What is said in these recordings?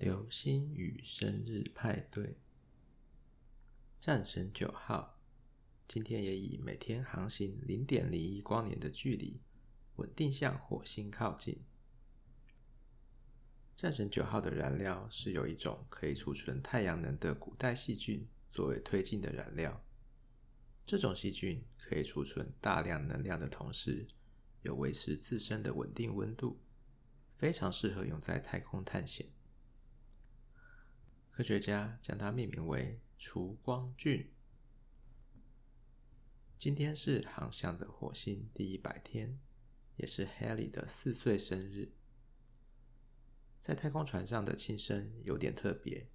流星雨生日派對，戰神九號今天也以每天航行零點零一光年的距離，穩定向火星靠近。戰神九號的燃料是有一種可以儲存太陽能的古代細菌作為推進的燃料。這種細菌可以儲存大量能量的同時，又維持自身的穩定溫度，非常適合用在太空探險。科學家將它命名為“儲光菌”。今天是航向的火星第一百天，也是 Hayley 的四歲生日。在太空船上的慶生有點特別。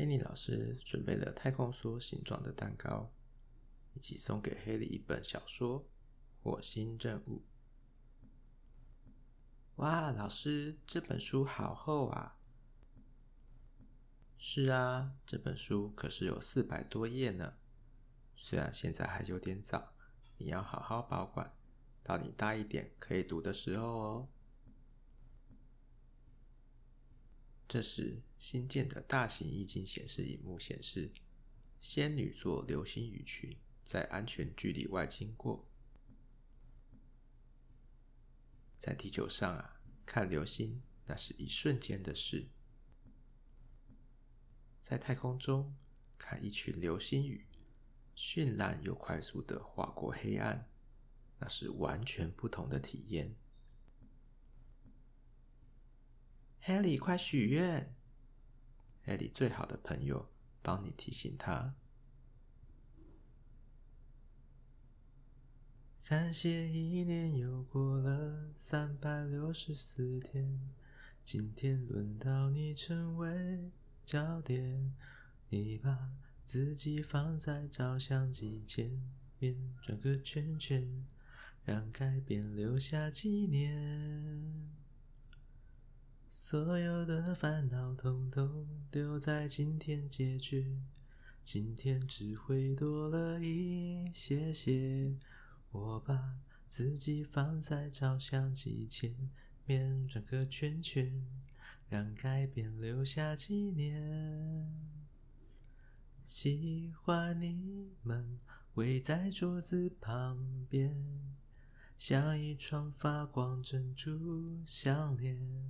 黑妮老師準備了太空梭形狀的蛋糕，一起送給黑妮一本小說《火星任務》。哇，老師，這本書好厚啊！是啊，這本書可是有四百多頁呢。雖然現在還有點早，你要好好保管，到你大一點可以讀的時候哦。這時，新建的大型液晶顯示熒幕顯示仙女座流星雨群在安全距離外經過。在地球上啊，看流星那是一瞬間的事；在太空中看一群流星雨，絢爛又快速的劃過黑暗，那是完全不同的體驗。Hayley 快許願！Hayley 最好的朋友幫你提醒他。感謝一年又過了三百六十四天，今天輪到你成為焦點。你把自己放在照相機前面轉個圈圈，讓改變留下紀念。所有的煩惱統統丟在今天解決，今天只會多了一些些。我把自己放在照相機前面轉個圈圈，讓改變留下紀念。喜歡你們圍在桌子旁邊，像一串發光珍珠項鏈。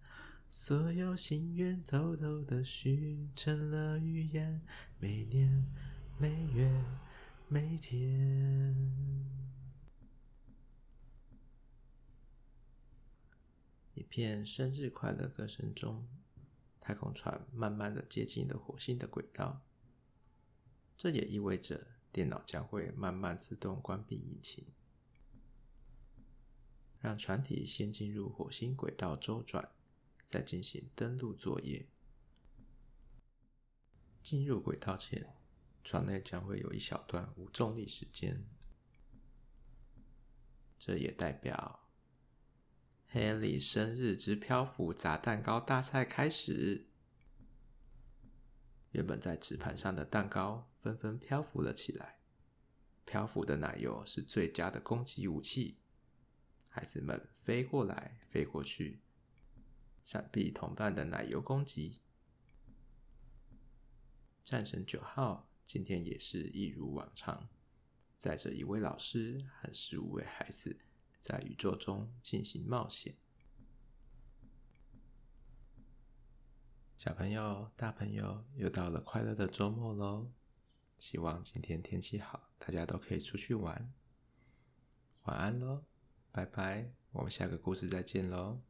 所有心願偷偷的許成了預言，每年、每月、每天。一片生日快樂歌聲中，太空船慢慢的接近了火星的軌道。這也意味着電腦將會慢慢自動關閉引擎，讓船體先進入火星軌道週轉。在進行登陸作業。進入軌道前，船內將會有一小段無重力時間。這也代表 Hayley 生日之漂浮砸蛋糕大賽開始。原本在紙盤上的蛋糕紛紛漂浮了起來。漂浮的奶油是最佳的攻擊武器。孩子們飛過來，飛過去。閃避同伴的奶油攻擊。戰神九號今天也是一如往常，載著一位老師和十五位孩子，在宇宙中進行冒險。小朋友、大朋友，又到了快樂的周末嘍！希望今天天氣好，大家都可以出去玩。晚安嘍，拜拜！我們下個故事再見嘍！